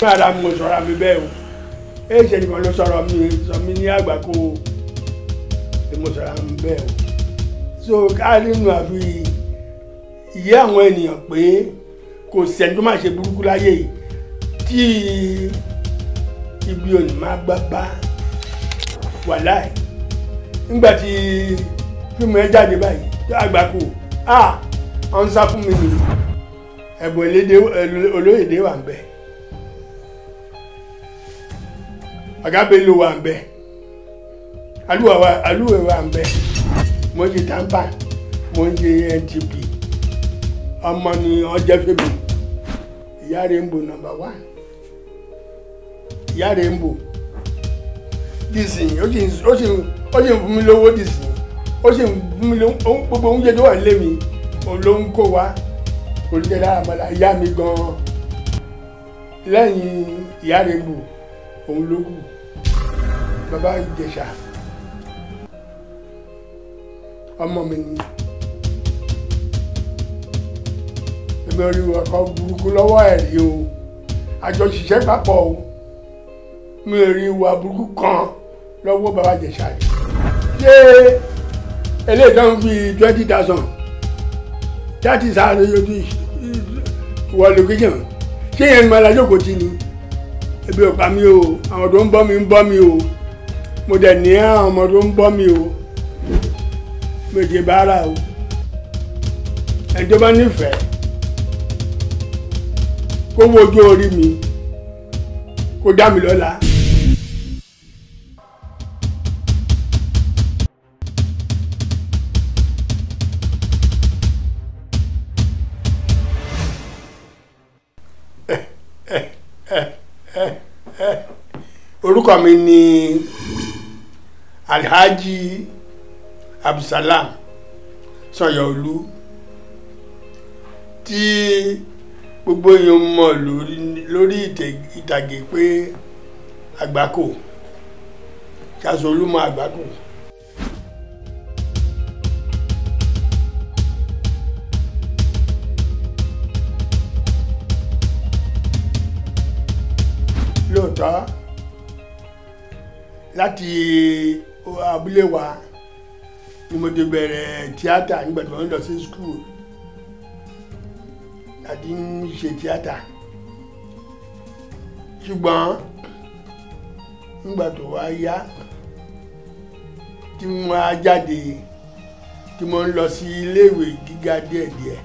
rárá mo sọ̀rọ̀ mi bẹ́ẹ̀ o èyí ṣe nìkan ló sọ̀rọ̀ mi sọ mi ní àgbà kó o mo sọ̀rọ̀ mi bẹ́ẹ̀ o so káàdì nù àfi ìyé àwọn ènìyàn pé kò sẹ́ni tó máa ṣe burúkú láyé yìí tí ibi ò ní máa gbá bá wàláì nígbà tí fíìmù ẹ jáde báyìí tó àgbà kó a ah, ọ̀n sá fún mi nìyí ẹ̀bùn olóyèdè wà ń bẹ́ẹ̀. Agabelo wà ń bẹ Alúwẹ̀ wà ń bẹ mo ń jẹ tampa mo ń jẹ NTP ọmọ ni ọjọ́ fèmí ìyá rẹ̀ ń bò nọmba wá ìyá rẹ̀ ń bò dìsìn ó sì ń fún mi lówó dìsìn ó sì fún mi lówó gbogbo oúnjẹ tó wà nílé mi òun ló ń kó wa kò ní jẹ́ dára mọ́lá ìyá mi gan-an ìyá rẹ̀ ń bò òun ló kù bàbá ìjẹ̀ṣà ọmọ mi ni èmi ò rí ọkọ burúkú lọ́wọ́ ẹ̀ rí o àjọ ṣiṣẹ́ papọ̀ o mi ò rí ìwà burúkú kan lọ́wọ́ bàbá ìjẹ̀ṣà rí ṣé eléyìí tó ń fi twenty thousand that is how you do it wọ location ṣé yẹn ń mọ alájókòó tí ni ebi ò pa mí o àwọn tó ń bọ́ mi ń bọ́ mi o mo dẹ̀ ní àwọn ọmọ tó ń bọ́ mi o méje bára o ẹni tó bá nífẹ̀ẹ́ kó wo orí mi kó dá mi lọ́lá. eh. orúkọ mi ni alhaji abdulsalam sanyọ̀ọ́lú tí gbogbo èèyàn mọ̀ lórí ìtàgé pé àgbákò ṣàṣolúmọ àgbákò. láti abúlé wa ni mo ti bẹ̀rẹ̀ tíátà nígbà tí wọ́n lọ sí skul láti ń ṣe tíátà ṣùgbọ́n nígbà tó wá yá tí mo á jáde tí mo ń lọ sí iléèwé gíga díẹ̀díẹ̀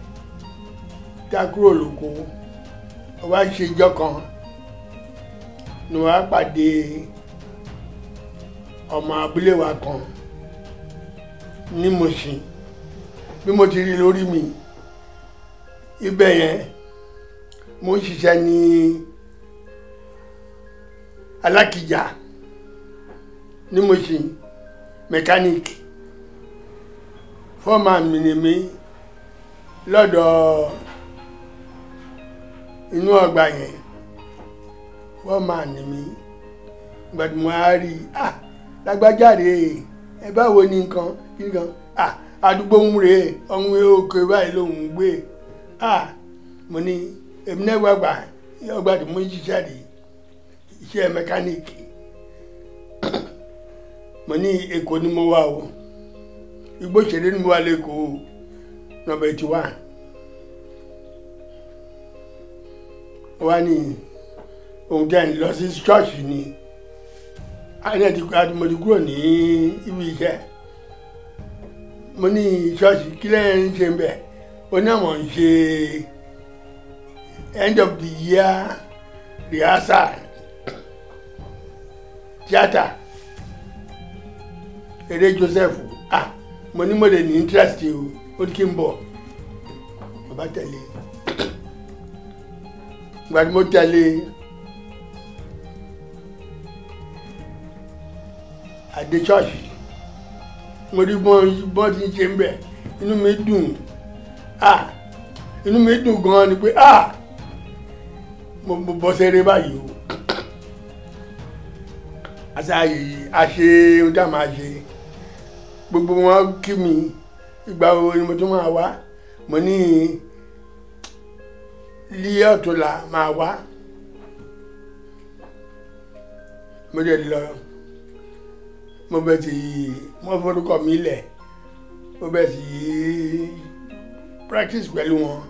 tá a kúrò lóko ọba ṣèjọ kan ni wọ́n pàdé ọmọ abúlé wa kan ní Mùṣín bí mo ti rí lórí mi ibẹ̀ yẹn mo ń ṣiṣẹ́ ní Alákìjà ní Mùṣín mẹkáníìkì fọ́ọ̀mà mi ni mi lọ́dọ̀ inú ọgbà yẹn fọ́ọ̀mà ni mi gbàdúmọ̀ á rí i ah lágbájáde ẹ báwo ni nǹkan kí nǹkan àdúgbò ń rèé ọ̀hún òkè báyìí lòún gbé mo ní èmi náà gbàgbà ọgbà tó mú ṣiṣẹ́ rèé iṣẹ́ mẹkáníìkì mo ní èkó ni mo wà o igbó ṣeré ni mo wà lẹ́kọ̀ọ́ nọmba eighty one wọ́n á ní òun jẹ́ ń lọ sí ṣọ́ọ̀ṣì ni àyìnlá ti mo ti kúrò ní ibi iṣẹ́ mo ní ṣọ́ọ̀ṣì kílẹ̀ ń ṣe bẹ̀ ó ní àwọn ń ṣe end of the year rehearsal tíátà eré Joseph ah mo ní mo lè ní interest o ó ní kí n bọ̀ mo bá tẹ̀lé gbàdúgbò tẹ̀lé. àdé ṣọ́ọ̀ṣì mo rí bọ́n ti ń ṣe ń bẹ̀ inú mi dùn ah inú mi dùn gan-an ni pé ah mo bọ́ sẹ́rẹ́ báyìí o àṣàyè àṣe ohun tá a máa ṣe gbogbo wọn kí mi ìgbà wo ni mo tún máa wá mo ní líyà ọ̀tún là máa wá mo dẹ̀ lọ mo bẹ̀ sí wọ́n forúkọ mi lẹ̀ mo bẹ̀ sí practice pẹ̀lú wọn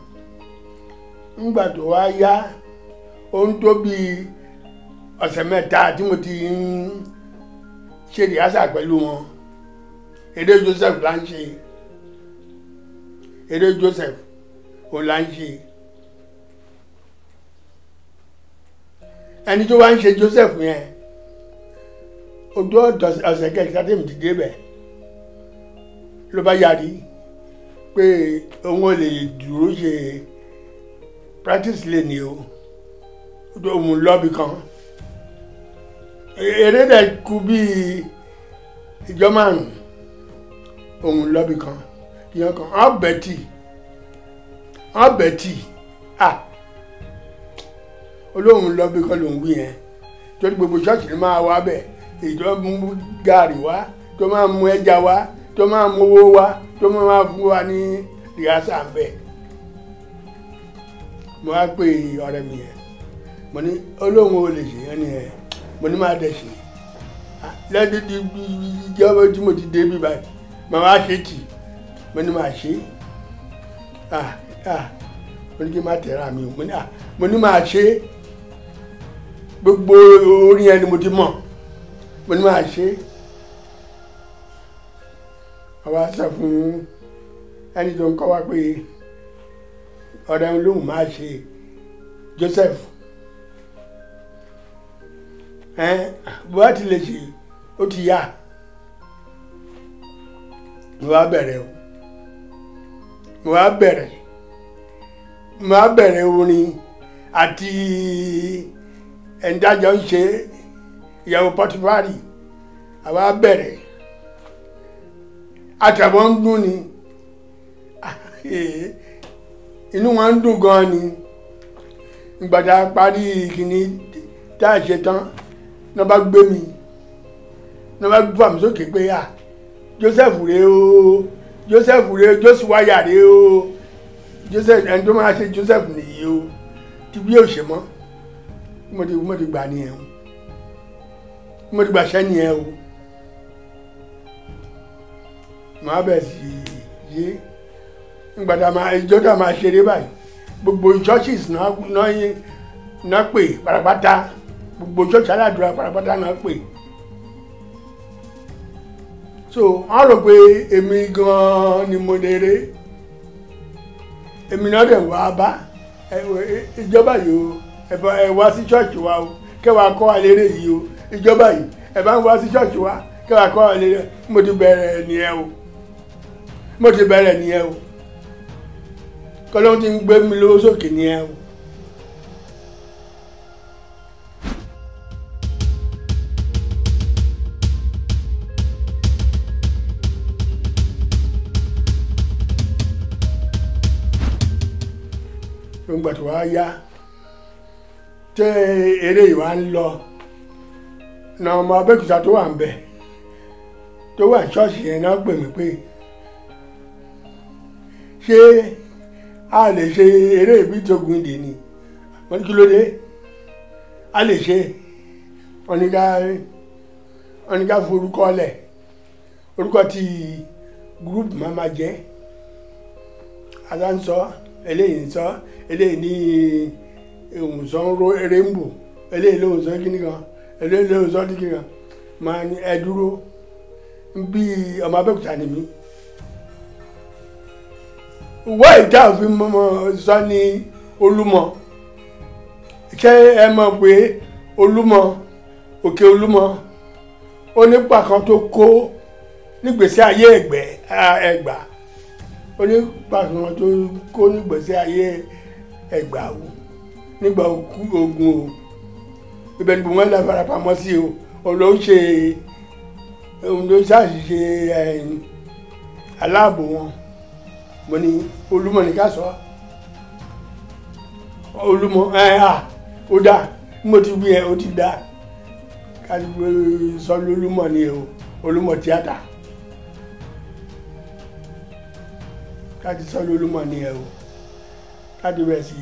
ńgbà tó wá yá ó ń tó bí ọ̀sẹ̀ mẹ́ta tí mo ti ń ṣe rìhásà pẹ̀lú wọn eré Joseph là ń ṣe eré Joseph ò là ń ṣe. ẹni tó wá ń ṣe Joseph yẹn ojú ọ̀sẹ̀ kẹta tí ti dé bẹ̀ ló bá yarí pé òun ò lè dúró ṣe practice lè ní o òun lọ́ọ̀bì kan eré dẹ̀ kú bíi ìjọ márùn-ún òun lọ́ọ̀bì kan ìyẹn kan ọ̀bẹ̀tì ọ̀bẹ̀tì à olóhùn lọ́ọ̀bì kan lòún wí yẹn torí gbogbo ṣọ́ọ̀ṣì ni máa wá bẹ́ẹ̀ ìjọ mú gàrí wá tó máa mú ẹja wá tó máa mú owó wá tó máa fún wa ní rìhásà ń bẹ̀. mo wá pè ọ̀rẹ́ mi yẹn mo ní olóhùn ò lè ṣe yẹn ni ẹ̀ mo ní máa dẹ̀ ṣe lẹ́dí di ìjọba tí mo ti dé bí báyìí màá wá ṣe tì mo ní máa ṣe ah ah mo ní kí n má tẹ̀ra mi mo ní ah, máa ṣe gbogbo orí yẹn ni mo ti mọ̀ mo ní máa ṣe àwa sọ fún ẹni tó ń kọ́ wa pé ọ̀rẹ́ ń lóhùn máa ṣe Joseph ẹ bùhá ti lè ṣe ó ti yá mo wá bẹ̀rẹ̀ o mo wá bẹ̀rẹ̀ mo wá bẹ̀rẹ̀ orin àti ẹ̀ńdájọ́ ń ṣe ìyàwó pọtifari àwa bẹ̀rẹ̀ àtàwọn ń dún ni inú wọn ń dùn gan ni ìgbàdá parí ìkíní tá a ṣe tán náà bá gbé mi náà bá gbé àmì sókè pé à Joseph rèé o Joseph rèé o Joseph wáyà rèé o Joseph ẹni tó máa ṣe Joseph nìyí o ti bí yóò ṣe mọ́ mo ti gbà nìyẹn o. mo ti gbàṣẹ́ nìyẹn o màá bẹ̀ sí yé ngbàdà máa gbogbo churches parapata gbogbo church aládùúrà parapata náà pè so wọ́n o ẹ wá wa o kẹwàá kọ́ àlérè o. ìjọba yìí ẹ bá ń wá sí ṣọ́ọ̀ṣì wa kẹwàá kọ́ ọ lérẹ mo ti bẹ̀rẹ̀ nìyẹn o mo ti bẹ̀rẹ̀ nìyẹn o kọ́lọ́hún ti ń gbé mi lówó sókè nìyẹn o. gbogbo àti wàá yá tẹ eré ìwà ń lọ na ọmọ abẹ́kúta tó wà ń bẹ̀ tó wà ṣọ́ọ̀ṣì yẹn náà pè mí pé ṣé a lè ṣe eré ìbítogun ìdè ni wọ́n ní kí ló dé a lè ṣe wọ́n ní ká wọ́n ní ká forúkọ lẹ̀ orúkọ ti group mama jẹ́ aláǹsọ eléyìí ń sọ eléyìí ní òǹsọ rainbow eléyìí lóhùn sọ kíní kan eléyìí ló sọ dídì kan máa ní ẹ dúró bí ọmọ abẹ́òkúta ni mí wọ́n ìjà òfin mọ́mọ́ sọ ní olúmọ ṣé ẹ mọ̀ pé olúmọ òkè olúmọ ó nípa kan tó kó nígbèsè ayé ẹgbẹ ẹgbà ó nípa kan tó kó nígbèsè ayé ẹgbà nígbà ogun o ibẹ̀ ni gbogbo wọn lọ farapamọ́ sí o òun ló ń ṣe òun ló ń ṣàṣìṣe eh, aláàbò wọn mo ní olúmọ ní ká sọ olúmọ ẹ eh, à ah, ó dà mo ti gbé ẹ ó ti dà ká ti gbé sọ lólúmọ ní o olúmọ tíátà ká ti sọ lólúmọ ní o ká ti bẹ̀ sí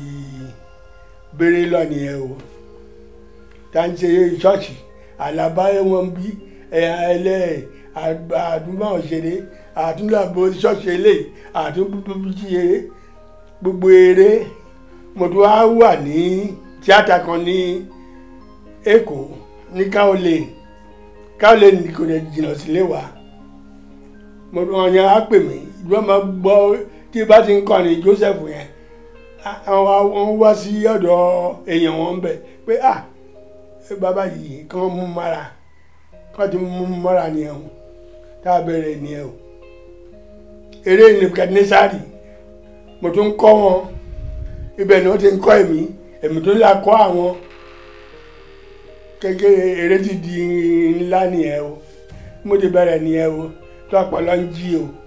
béèrè lọ ní o tá à ń ṣe ṣọ́ọ̀ṣì àlàbáyé wọn bí ẹlẹ́ àdúgbò òṣèré àtúndàbò ṣọ́ọ̀ṣì eléyìí àtúndàbòjì eré gbogbo eré mo tún wá wà ní tíátà kan ní Èkó ní káwọlé káwọlé ní kò dẹ̀ jìnnà sílé wa mo tún wọn yẹn á pè mí ìjọba máa gbọ́ tí bá ti ń kọrin Joseph yẹn àwọn wá sí ọ̀dọ̀ èèyàn wọn bẹ̀ pé ah bàbá yìí kàn mú mọ́ra kàn ti mú mọ́ra nìyẹn o tá a bẹ̀rẹ̀ nìyẹn o eré nebukadnesari mo tún kọ́ wọn ibẹ̀ ni wọ́n ti ń kọ́ èmi èmi tó là kọ́ àwọn kékeré eré ti di ńlá nìyẹn o mo ti bẹ̀rẹ̀ nìyẹn o tó ọ̀pọ̀lọ́ ń jí o.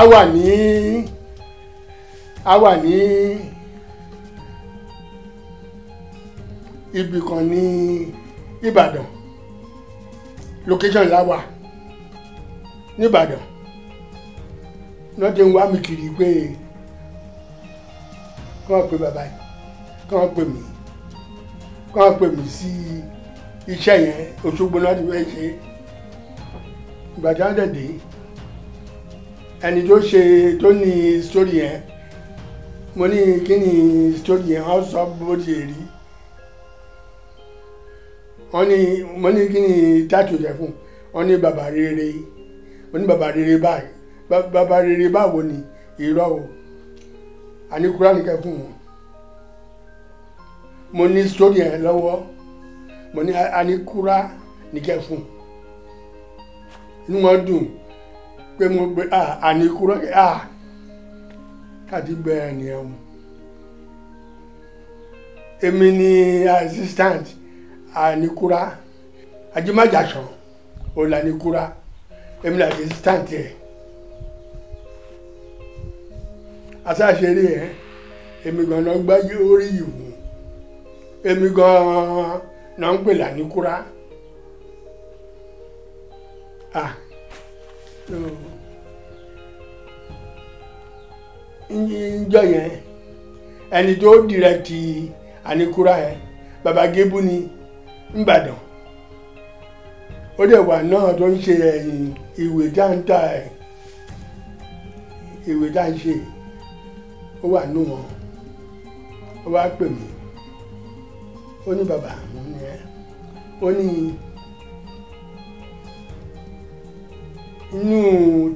a wà ní a wà ní ibì kan ní Ìbàdàn location la wà nìbàdàn náà ti ń wá mi kiri pé kí wọ́n pe bàbá yìí kí wọ́n pe mí kí wọ́n pe mí sí iṣẹ́ yẹn Òṣogbo náà ti fẹ́ ṣe ìgbà tí wọ́n dẹ̀ dé ẹni tó ṣe tó ní sítórì yẹn mo ní kí ni sítórì yẹn wọ́n sọ bó ṣe rí wọ́n ní mo ní kí ni táàtù rẹ̀ fún wọ́n ní bàbá rere mo ní bàbá rere báyìí bàbá rere báwo ni irọ́ o àní kúránì kẹ́kùn wọn mo ní sítórì yẹn lọ́wọ́ mo ní àní kúrá nìkẹ́ fún inú wọn dùn. pé mo gbé àníkúrọ́ kàdígbẹ́ ẹni ẹ̀wọ̀n èmi ni assistant èmi ni assistant ẹ ẹ èmi gan náà orí ìwò èmi gan náà ń pè Ah. njọ yẹn ẹni tó dìrẹ́tì àníkúrá yẹn baba gébú ni nìbàdàn ó dẹ̀ wà náà tó ń ṣe ẹ̀yìn ìwé dáńtà ẹ̀ ìwé dáńṣe ó wà nù wọn ó wá pè mí ó ní bàbá mo ní ẹ ó ní inú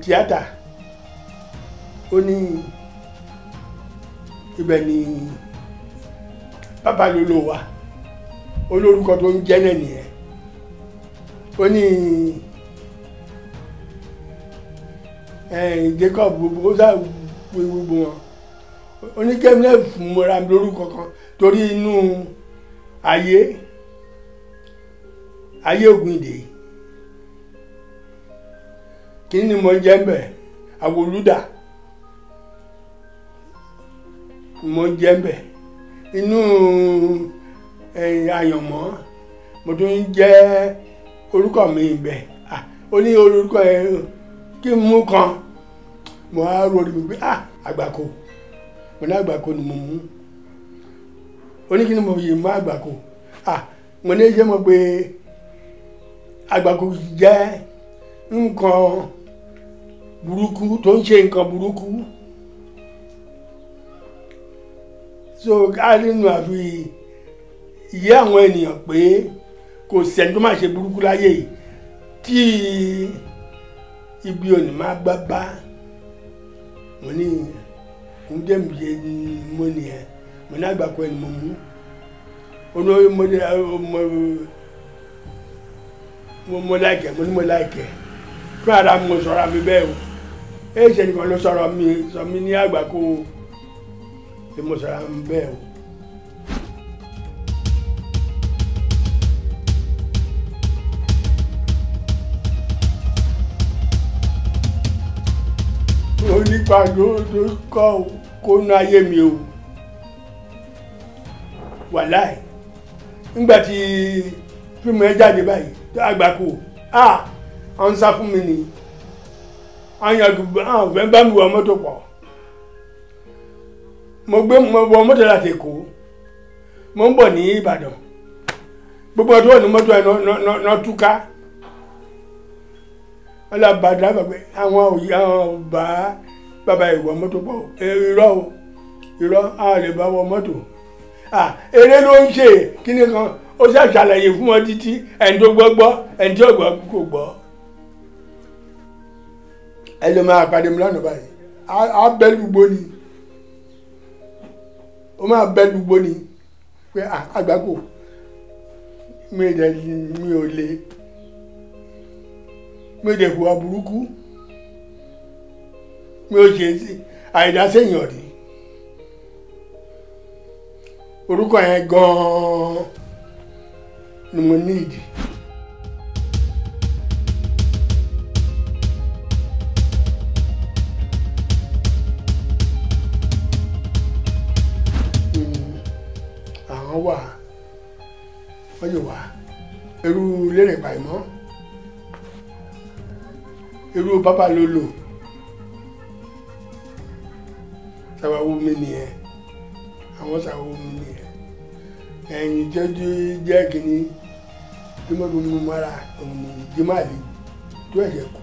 tíátà ó ní ibẹ̀ ni bàbá lolo wa olórúkọ tó ń jẹ́ náà nìyẹn ó ní Jacob gbogbo ó sá gbogbo wọn ó ní kẹ́mi náà fún mọ́ra mi lórúkọ kan torí inú ayé ayé ògùn ìdè kí ni mo jẹ́ ń àwòlúdà. mo jẹ́ ń bẹ̀ inú mo tún jẹ́ orúkọ mi bẹ̀ ó ní orúkọ ẹ kí n mú kan mo á rori mi pé àgbàkò mo ní ni mo mú ó ní kí mo mú mo ní pé nǹkan burúkú tó ń ṣe nǹkan burúkú. so gárínù àfi ìyá àwọn ènìyàn pé kò sẹ́ni tó máa ṣe burúkú láyé yìí tí ibi òní máa gbá bá mo ní ń dé mi ṣe mo nìyẹn mo ní àgbàkọ ẹni mo mú olórí mo ní mo mo mo láìkẹ mo ní mo láìkẹ fún ara mo sọra mi bẹ́ẹ̀ o èyí ṣe nìkan ló sọ̀rọ̀ mi sọ mi ní àgbàkọ o pé mo sara ń bẹ́ẹ̀ o. onípàdé tó kọ́ kó ná ayé mi o wàláì nígbà tí fíìmù ẹ jáde báyìí tó àgbà kù à ń sá fún mi nìyí àwọn yàgò àwọn mo gbé mo wọ mọ́tò láti èkó mo ń bọ̀ ní ìbàdàn gbogbo ọdún ọ̀nà mọ́tò ẹ̀ náà túká wọ́n lọ bá dáàbà pé àwọn òyì àwọn bá bàbá ìwọ mọ́tò pọ̀ irọ́ o irọ́ àwọn lè bá wọ mọ́tò eré ló ń ṣe kíni kan ó ṣàṣàlàyé fún wọn títí ẹni tó gbọ́ gbọ́ ẹni tí ò gbọ́ kò gbọ́ ẹ lè máa pàdé mi lọ́nà báyìí á bẹ́ ó máa bẹ́ dùgbò ni pé àgbákò mi ò mi ò lè mi ò lè hùwà burúkú mi ò ṣe àìdásẹ́yìn ọ̀rí orúkọ yẹn gan-an ni mo ní ìdí. rẹ̀ pàìmọ́ irú bàbá ló lò ṣàwáwó mi nìyẹn àwọn ṣàwáwó mi nìyẹn ẹ̀yìn jẹ́jú jẹ́ kínní bí mo bí mo mara òun jimá lè tó ẹ̀jẹ̀ kú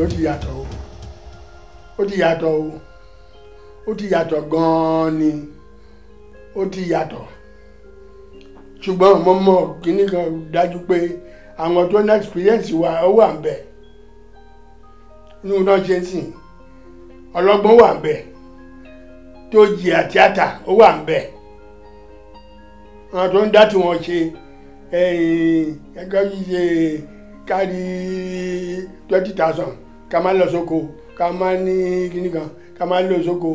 ó ti yàtọ̀ o ó ti yàtọ̀ o ó ti yàtọ̀ gan-an ni ó ti yàtọ̀ ṣùgbọ́n mo mọ̀ kíní kan dájú pé àwọn tó ní experience wa ó wà ń bẹ̀ inú náà ṣe ń sìn ọlọ́gbọ́n wà ń bẹ̀ tó jìyà tíátà ó wà ń bẹ̀ àwọn tó ń dá tiwọn ṣe ẹ̀yìn ẹgbẹ́ yìí ṣe kárí twenty thousand ká má lọ sóko ká má ní kíní kan ká má lọ sóko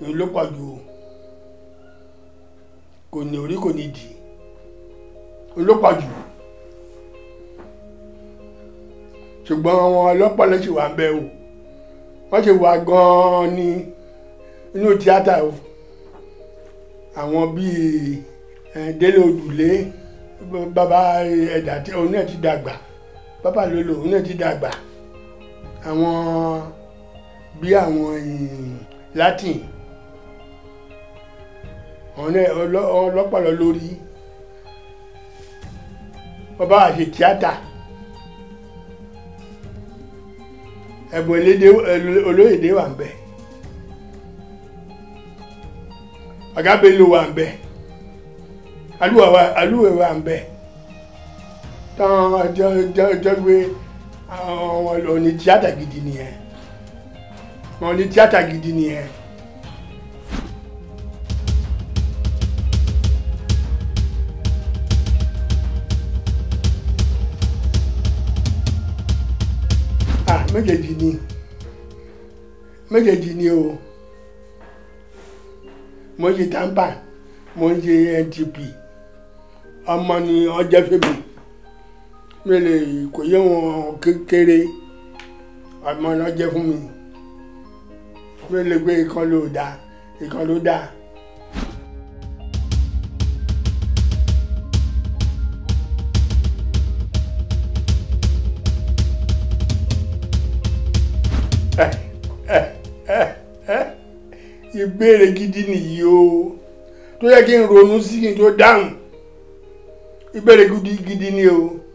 ìlú ló pọ̀ jù o kò ní orí kò ní dì í ló pọ̀ jù ṣùgbọ́n àwọn ọlọ́pàá lọ́sì wà ń bẹ o wọ́n ṣe wà gan-an ní inú tíátà o àwọn bíi délé òdùlé bàbá ẹ̀dà tí òun náà ti dàgbà bàbá lolo òun náà ti dàgbà àwọn bí àwọn latin ọlọ́pàá lórí bàbá àṣẹ tíátà ẹ̀bùn olóyèdè wà ń bẹ àgábélò wà ń bẹ alúwẹ̀ wà ń bẹ tán ọjọ́ gbé àwọn ọ̀nì tíátà gidi nìyẹn ọ̀nì tíátà gidi nìyẹn. méjèèjì ni méjèèjì ni o mo ṣe tampa mo ṣe ntp ọmọ ni ọjọ́ fèmí mele kò yé wọn kékeré ọmọ náà jẹ fún mi mele pé ìkan ló dáa ìkan ló dáa. ìbéèrè gidi nìyí o tó yẹ kí n ronú sí kí n tó dáhùn ìbéèrè gidi ni o.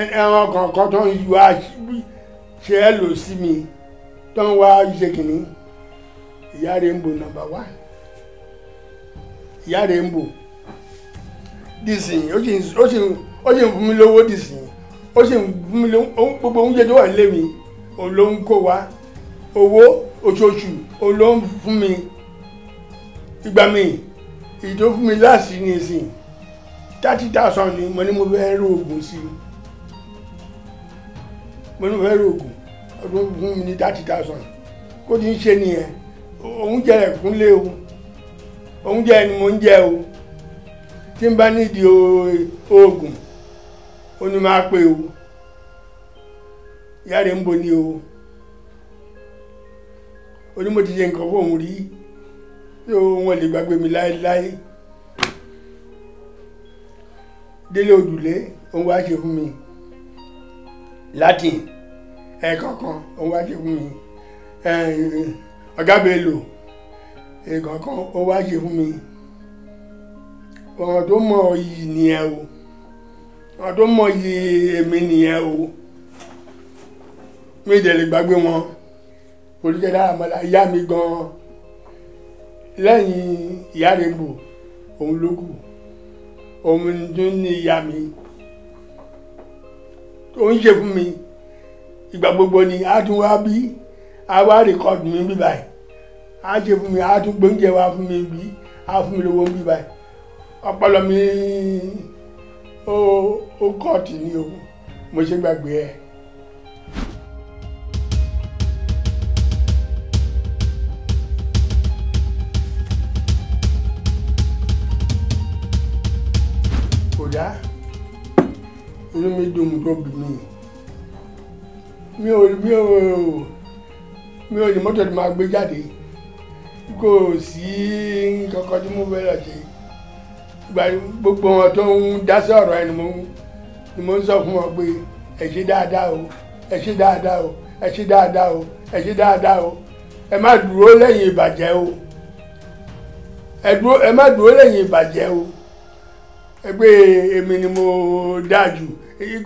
ẹran kọ̀ọ̀kan tó ń yọ àṣírí ṣe é lò sí mi tó ń wá ṣe kìnní ìyá rẹ̀ ń bò nàmbà wá ìyá rẹ̀ ń bò dìsìn ó sì ń fún mi lówó dìsìn ó sì ń fún mi lówó gbogbo oúnjẹ tó wà nílé mi òun ló ń kó wa owó oṣooṣù òun ló ń fún mi ìgbà mi ìdó fún mi láàsì ní ìsìn thirty thousand ni mo ní mo fẹ́ rú oògùn sí i mo ní fẹ́ rògùn ọdún fún mi ní thirty thousand kó ti ń ṣe nìyẹn òun jẹ ẹ̀kúnlé o òun jẹ ẹni mo ń jẹ o tí n bá nídìí oògùn ó ní máa pé o ìyá rẹ̀ ń bo ni o ó ní mo ti ṣe nǹkan fóun rí tí wọn lè gbàgbé mi láéláé délé òdùlé òun wá ṣe fún mi. Latin ẹ̀ẹ̀kọ̀ọ̀kan ó wá ṣe fún mi ọ̀gá Bello ẹ̀ẹ̀kọ̀ọ̀kan ó wá ṣe fún mi ọ̀rọ̀ tó mọ̀ yìí nìyẹn o ọ̀rọ̀ tó mọ̀ yìí èmi nìyẹn o mi dẹ̀ lè gbàgbé wọn olùkẹ́ dára mọ́lá ìyá mi gan-an lẹ́yìn ìyá rẹ̀ bò òun ló kù òun tó ní ìyá mi tó ń ṣe fún mi ìgbà gbogbo ni a tún wá bí a wá rìkọ́dù mi bí báyìí a ṣe fún mi a tún gbóúnjẹ wá fún mi bí a fún mi lówó bí báyìí ọpọlọ mi ó kọ̀ọ̀tì ni o mo ṣe gbàgbé ẹ̀. gògì mi mi ò mi ò mi ò ní mọ́tò tí máa gbé jáde kò sí kankan tí mo fẹ́ ṣe gbogbo wọn tó ń dá sọ̀rọ̀ ẹni mo ni mo ń sọ fún wọn pé ẹ ṣe dáadáa o ẹ ṣe dáadáa o ẹ ṣe dáadáa o ẹ ṣe dáadáa o ẹ má dúró lẹ́yìn ìbàjẹ́ o ẹ má dúró lẹ́yìn ìbàjẹ́ o ẹgbẹ́ èmi ni mo dáa jù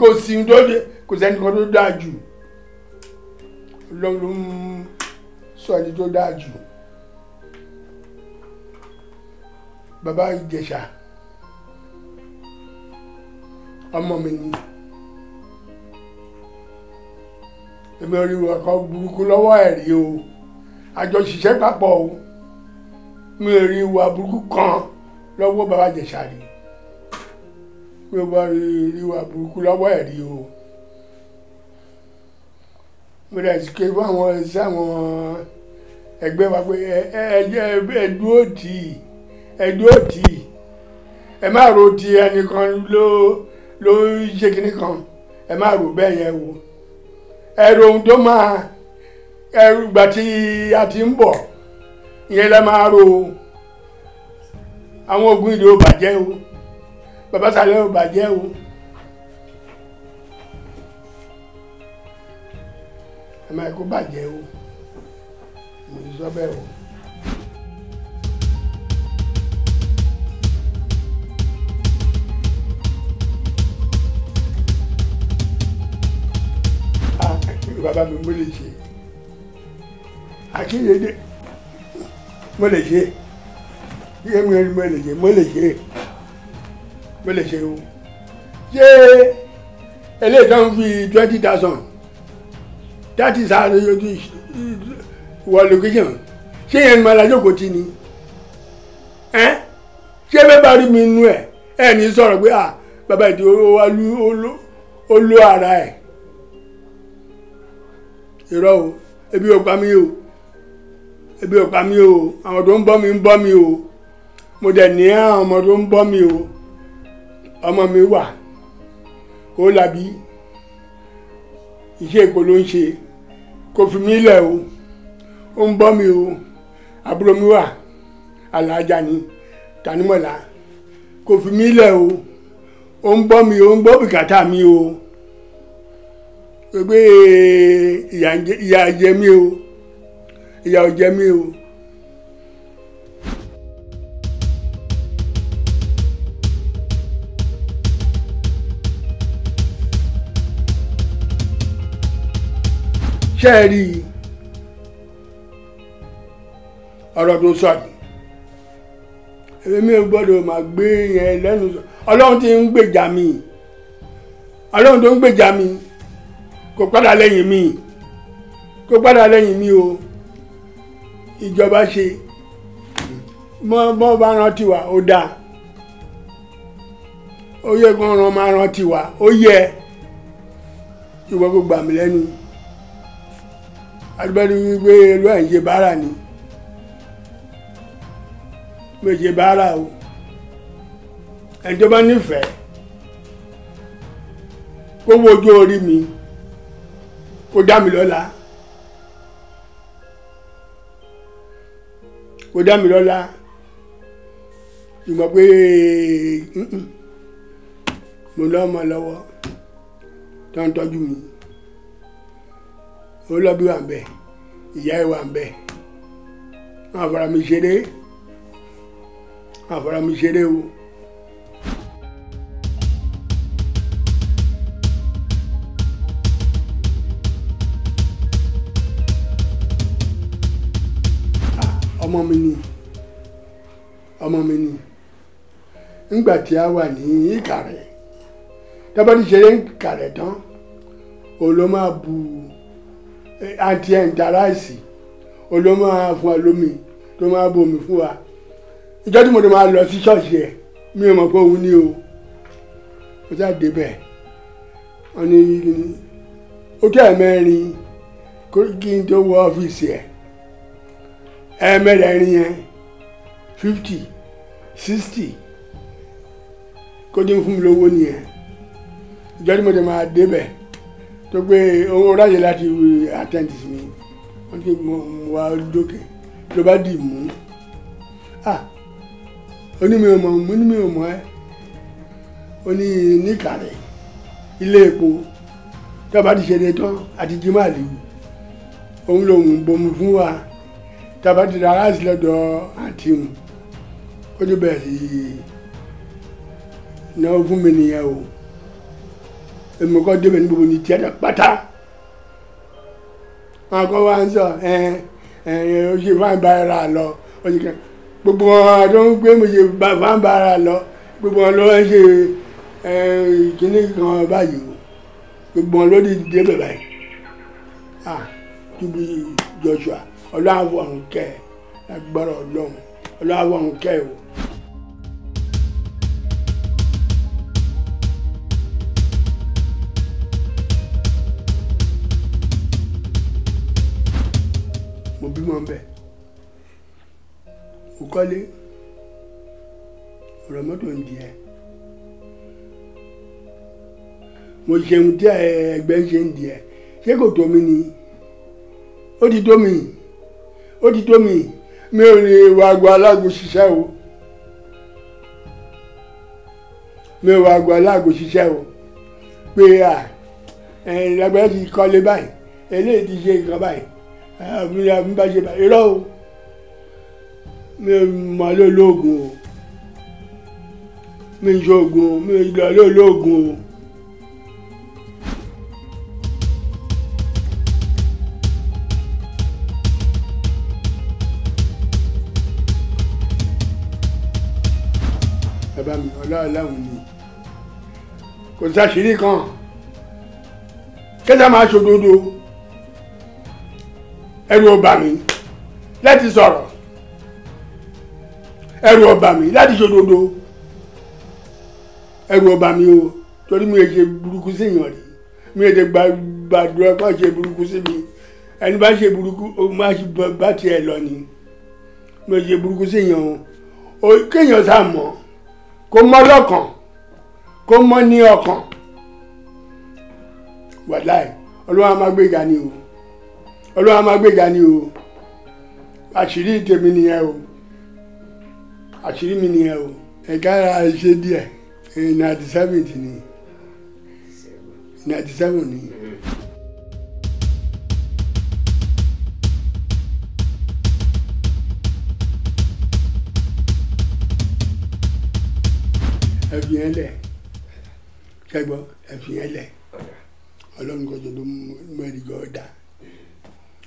kò sí ohun tó dé kò sẹ́ni kan tó dáa jù ọlọ́run ló ń sọ ẹni tó dáa jù bàbá Ìjẹ̀ṣà ọmọ mi ni èmi ò rí ọkọ burúkú lọ́wọ́ ẹ̀ rí o àjọ ṣiṣẹ́ papọ̀ o mi ò rí ìwà burúkú kan lọ́wọ́ bàbá Ìjẹ̀ṣà rí bí o bá rí wa burúkú lọ́wọ́ ẹ̀ rí o mo dẹ̀ ti ké fáwọn sáwọn ẹgbẹ́ wa pé ẹ ẹ dúró tì í ẹ dúró tì í ẹ má ro ti ẹnìkan ló ló ṣe kinní kan ẹ má ro bẹ́ẹ̀ yẹn o ẹ ro ohun tó máa ẹ gbà tí a ti ń bọ̀ ìyẹn lẹ́ máa ro àwọn ogun ìdè ó bàjẹ́ o bàbá sàlẹ̀ ò bàjẹ́ o ẹ máa kó bàjẹ́ o mo ti sọ bẹ́ẹ̀ o. Ah, bàbá mi mo lè ṣe àkíyèdè mo lè ṣe yé mi mo lè ṣe mo lè ṣe ló lè ṣe o ṣé eléyìí tó ń fi twenty thousand that is how you wọ location ṣé yẹn máa lajókòó tí ni ṣé bẹ́ẹ̀ bá rí mi inú ẹ̀ ẹ̀ ní sọ̀rọ̀ pé bàbá ìdí ó lú ara ẹ̀ irọ́ o ebi ò pa mí o ebi ò pa mí o àwọn tó ń bọ́ mi ń bọ́ mi o mo dẹ̀ ní àwọn ọmọ tó ń bọ́ mi o ọmọ mi wà ó labi iṣẹ́ èkó ló ń ṣe kò fi mí lẹ̀ o ó ń bọ́ mi o àbúrò mi wà alájà ni tanimọ̀lá kò fi mí lẹ̀ o ó ń bọ́ mi o ń bọ́ bìkátà mi o gbogbo ìyà jẹ mí o ìyà ò jẹ mí o. ṣe é rí i ọ̀rọ̀ tó sọ ni èmi ò gbọ́dọ̀ máa gbé yẹn lẹ́nu sọ ọlọ́run ti ń gbèjà mi ọlọ́run tó ń gbèjà mi kò padà lẹ́yìn mi kò padà lẹ́yìn mi o ìjọba ṣe mọ́ bá rántí wa ó dáa ó yẹ kó ràn máa rántí wa ó yẹ ìwọ kò gbà lẹ́nu adúbẹ́ni wípé ẹlú ẹ̀ ń ṣe báárà ni mo ṣe báárà o ẹni tó bá nífẹ̀ẹ́ kó wojú orí mi kó dá mi lọ́lá kó dá mi lọ́lá ìmọ̀ pé mo lọ́mọ lọ́wọ́ tó ń tọ́jú mi olóbi wà ń bẹ̀ ìyá ẹ̀ wà ń bẹ̀ wọn àfara mi ṣeré wọn àfara mi ṣeré o. ọmọ mi ni ọmọ mi ni ńgbà tí a wà ní Ìkàrẹ́ tọ́bọ́dí ṣeré Ìkàrẹ́ tán òun ló bu àǹtí ẹ̀ǹdà ráìsì olóò máa fún wa lómi tó máa bomi fún wa ìjọ tí mo ti máa lọ sí ṣọ́ọ̀ṣì ẹ̀ mi ò mọ̀ pé òun ní o mo sá débẹ̀ wọ́n ní ó tó ẹ̀mẹ́rin kí n tó wọ ọ́fíìsì ẹ̀ ẹ̀mẹ́rẹ̀ẹ̀rin yẹn fifty sixty kó dín fún mi lówó nìyẹn ìjọ tí mo ti máa débẹ̀ tó gbé owó ráyè láti àtẹ́ǹtì sí mi wọ́n ti mọ wá lókè ló bá dì mú ah onímọ̀ ọmọ onímọ̀ ọmọ ẹ oní níkàrẹ̀ ilé epo tó bá ti ṣẹlẹ̀ tán àti jimá lèwu òun lòun bomi fún wa tá a bá ti rárá sí lọ́dọ̀ àǹtí mu ó ti bẹ̀rẹ̀ sí náà fún mi nìyẹn o èmi kọ́ débẹ̀ ní gbogbo ní tiẹ̀ dà pátá wọn kọ́ wá ń sọ ẹ ẹ oṣù fáńbára lọ oṣù kan gbogbo wọn tó ń gbé mo ṣe fáńbára lọ gbogbo wọn ló ń ṣe ẹ kíní kan báyìí gbogbo wọn ló di débẹ̀ báyìí ah tóbi Joshua ọlọ́àwọ̀ ọ̀hún kẹ́ ẹ gbọ́dọ̀ ọlọ́run ọlọ́àwọ̀ ọ̀hún kẹ́ kọ́lé ọ̀rọ̀ mọ́tò ń di ẹ̀ mo ṣeun tí ẹgbẹ́ ṣe ń di ẹ̀ ṣé kò tó mi ni ó ti tó mi ó ti tó mi mi ò lè wàgò alágò ṣiṣẹ́ o mi ò wàgò alágò ṣiṣẹ́ o pé à ẹ̀ẹ́dẹ́gbẹ́ ti kọ́lé báyìí eléyìí ti ṣe nǹkan báyìí àbúrò àbúrò bá ṣe báyìí irọ́ o mi mà ló lóògùn o mi ṣoògùn mi lọ ló lóògùn o. bàbá mi ọlọ́ọ̀láhùn ni kò sáṣírí kan kẹta máa ṣòdodo ẹnu ọba mi láti sọ̀rọ̀ ẹrù ọba mi láti ṣòdodo ẹrù ọba mi o torí mi ò ṣe burúkú séèyàn rí mi ò ṣe gbàdúrà kó ṣe burúkú sí mi ẹni bá ṣe burúkú ó má ṣe bá tiẹ̀ lọ ni mi ò ṣe burúkú séèyàn o kéèyàn sá mọ̀ kó mọ́ lọ́kàn kó mọ́ ní ọkàn wàláì ọlọ́wọ́ a máa gbéga ni o ọlọ́wọ́ a máa gbéga ni o àṣírí tèmi nìyẹn o àṣírí mi nìyẹn o ẹ̀ka ara ṣe díẹ̀ eh, ninety seven ni ninety seven ni. ẹ̀fìyẹn lẹ̀ ṣẹ́gbọ́n ẹ̀fìyẹn lẹ̀ ọlọ́run kọjọ ló mọ ẹ̀rí jọ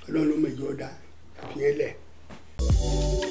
ọlọ́run ló mọ ẹ̀jọ̀ ọ́ dáa ẹ̀fìyẹn lẹ̀.